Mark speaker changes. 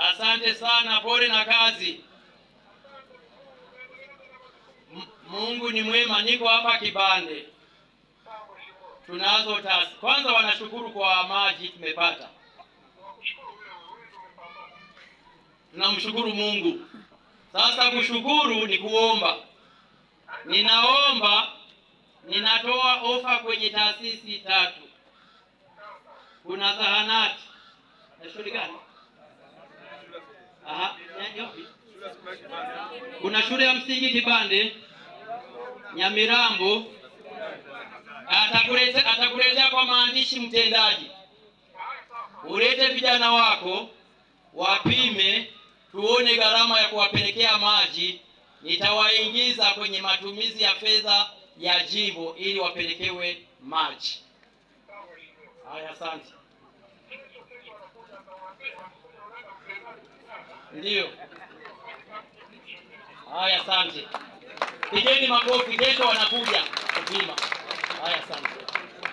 Speaker 1: Asante sana, pole na kazi. Mungu ni mwema. Niko hapa Kibande, tunazo tasi. Kwanza wanashukuru kwa maji tumepata, namshukuru Mungu. Sasa kushukuru ni kuomba. Ninaomba, ninatoa ofa kwenye taasisi tatu. Kuna zahanati Kuna shule ya msingi Kibande Nyamirambo, atakuletea atakuletea kwa maandishi mtendaji. Ulete vijana wako wapime, tuone gharama ya kuwapelekea maji. Nitawaingiza kwenye matumizi ya fedha ya jimbo ili wapelekewe maji. Haya, asante. Ndiyo. Haya, asante. Pigeni makofi, kesho wanakuja kupima. Haya, asante.